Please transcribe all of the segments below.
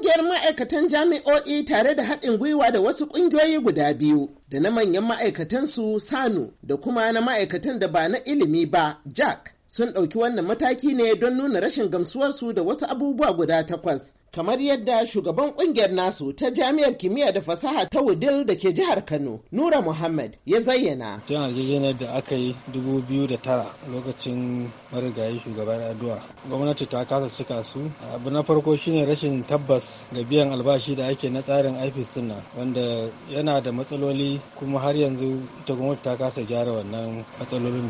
Ƙungiyar ma'aikatan jami'o'i tare da haɗin gwiwa da wasu ƙungiyoyi guda biyu da na manyan ma'aikatansu Sanu da kuma na ma'aikatan da ba na ilimi ba Jack sun ɗauki wannan mataki ne don nuna rashin gamsuwarsu da wasu abubuwa guda takwas kamar yadda shugaban kungiyar nasu ta jami'ar kimiyya da fasaha ta wudil da ke jihar kano nura muhammad ya zayyana tun yarjejeniyar da aka yi da tara lokacin marigayi shugaban addu'a gwamnati ta kasa cika su abu na farko shine rashin tabbas ga biyan albashi da ake na tsarin ifis suna wanda yana da matsaloli kuma har yanzu ta gwamnati ta kasa gyara wannan matsalolin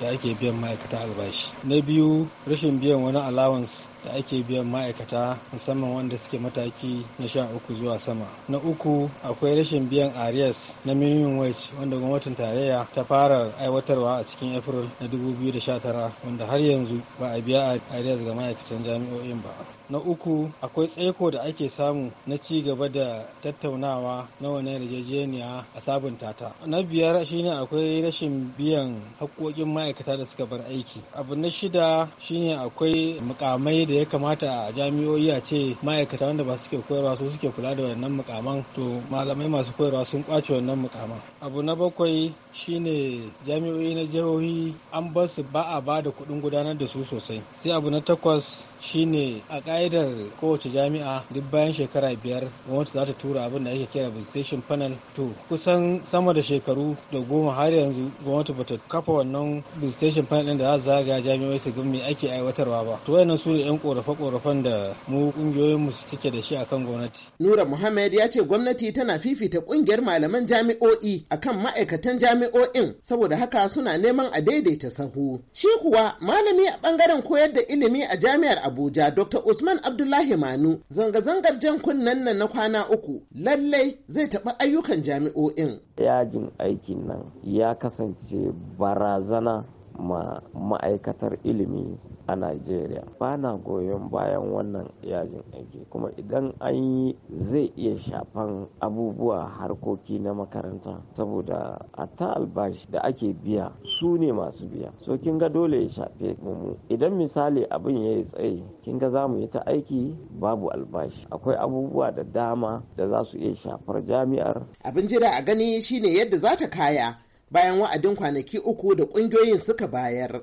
da ake biyan ma'aikata albashi na biyu rashin biyan wani allowance da ake biyan ma'aikata musamman wanda suke mataki na sha uku zuwa sama na uku akwai rashin biyan arias na minimum wage wanda gwamnatin tarayya ta fara aiwatarwa a cikin april na 2019 wanda har yanzu ba a biya arias ga ma'aikatan jami'o'in ba na uku akwai tsaiko da ake samu na ci gaba da tattaunawa na wani yarjejeniya a sabunta ta na biyar shine akwai rashin biyan haƙoƙin ma'aikata da suka bar aiki abu na shida shine akwai mukamai da ya kamata a jami'o'i a ce ma'aikata wanda ba suke koyarwa su suke kula da wannan mukaman to malamai masu koyarwa sun kwace wannan mukaman abu na bakwai shine jami'o'i na jihohi an ba su ba a ba da kuɗin gudanar da su sosai sai abu na takwas shine a ka'idar kowace jami'a duk bayan shekara biyar gwamnati za ta tura abin da ake kira visitation panel to kusan sama da shekaru da goma har yanzu gwamnati ba ta kafa wannan visitation panel din da za zaga jami'ai su gami ake aiwatarwa ba to wayannan su ne yan korafe-korafen da mu kungiyoyin mu suke da shi akan gwamnati Nura Muhammad ya ce gwamnati tana fifita kungiyar malaman jami'o'i akan ma'aikatan jami'o'in saboda haka suna neman a daidaita sahu shi kuwa malami a bangaren koyar da ilimi a jami'ar Abuja Dr. Usman Usman Abdullahi Manu zanga-zangar jan kunnen nan na kwana uku lallai zai taɓa ayyukan jami'o'in. Yajin aikin nan ya kasance barazana ma ma'aikatar ilimi a Najeriya. Ba na goyon bayan wannan yajin aiki kuma idan an yi zai iya shafan abubuwa harkoki na makaranta saboda a ta albashi da ake biya su ne masu biya. So kin ga dole ya shafe mu. Idan misali abin ya yi tsaye kin ga za mu yi ta aiki babu albashi. Akwai abubuwa da dama da za su iya shafar jami'ar. Abin jira a gani shine yadda za ta kaya bayan wa'adin kwanaki uku da ƙungiyoyin suka bayar.